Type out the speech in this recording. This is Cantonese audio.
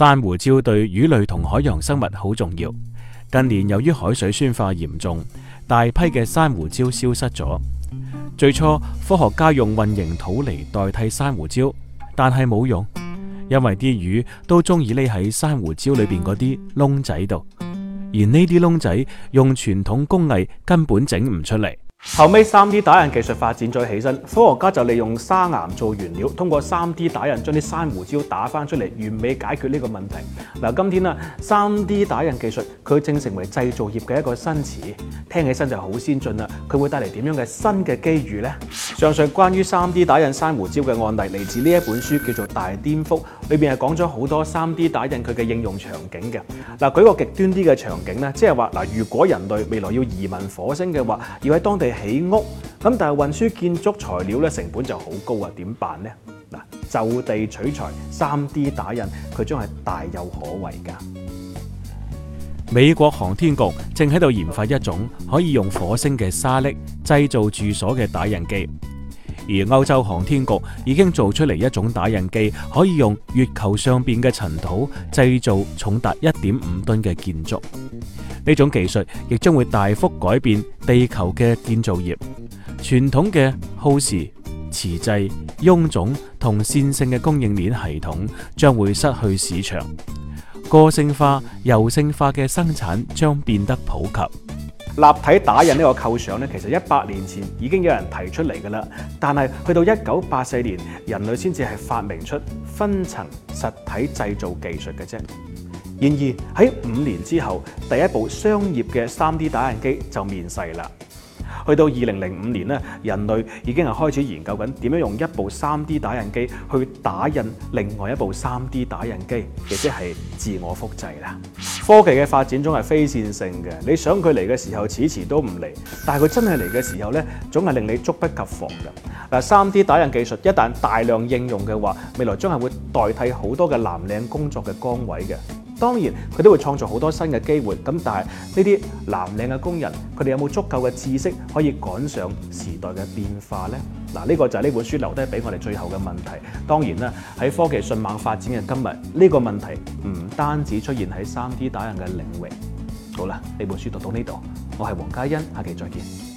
珊瑚礁對魚類同海洋生物好重要。近年由於海水酸化嚴重，大批嘅珊瑚礁消失咗。最初科學家用混凝土嚟代替珊瑚礁，但係冇用，因為啲魚都中意匿喺珊瑚礁裏邊嗰啲窿仔度，而呢啲窿仔用傳統工藝根本整唔出嚟。後尾 3D 打印技術發展咗起身，科學家就利用砂岩做原料，通過 3D 打印將啲珊瑚礁打翻出嚟，完美解決呢個問題。嗱，今天啊，3D 打印技術佢正成為製造業嘅一個新詞，聽起身就好先進啦。佢會帶嚟點樣嘅新嘅機遇呢？上述關於 3D 打印珊瑚礁嘅案例嚟自呢一本書，叫做《大顛覆》，裏邊係講咗好多 3D 打印佢嘅應用場景嘅。嗱，舉個極端啲嘅場景呢，即係話嗱，如果人類未來要移民火星嘅話，要喺當地。起屋咁，但係運輸建築材料咧，成本就好高啊！點辦呢？就地取材，3D 打印，佢將係大有可為噶。美國航天局正喺度研發一種可以用火星嘅沙礫製造住所嘅打印機。而歐洲航天局已經做出嚟一種打印機，可以用月球上邊嘅塵土製造重達一點五噸嘅建築。呢種技術亦將會大幅改變地球嘅建造業，傳統嘅耗時、遲滯、臃腫同線性嘅供應鏈系統將會失去市場，個性化、柔性化嘅生產將變得普及。立體打印呢個構想咧，其實一百年前已經有人提出嚟嘅啦，但係去到一九八四年，人類先至係發明出分層實體製造技術嘅啫。然而喺五年之後，第一部商業嘅三 D 打印機就面世啦。去到二零零五年咧，人類已經係開始研究緊點樣用一部三 D 打印機去打印另外一部三 D 打印機，亦即係自我複製啦。科技嘅發展總係非線性嘅，你想佢嚟嘅時候，遲遲都唔嚟；但係佢真係嚟嘅時候呢，總係令你猝不及防嘅。嗱，3D 打印技術一旦大量應用嘅話，未來將係會代替好多嘅藍領工作嘅崗位嘅。當然，佢都會創造好多新嘅機會。咁但係呢啲藍領嘅工人，佢哋有冇足夠嘅知識可以趕上時代嘅變化呢？嗱，呢個就係呢本書留低俾我哋最後嘅問題。當然啦，喺科技迅猛發展嘅今日，呢、這個問題唔單止出現喺三 D 打印嘅領域。好啦，呢本書讀到呢度，我係黃嘉欣，下期再見。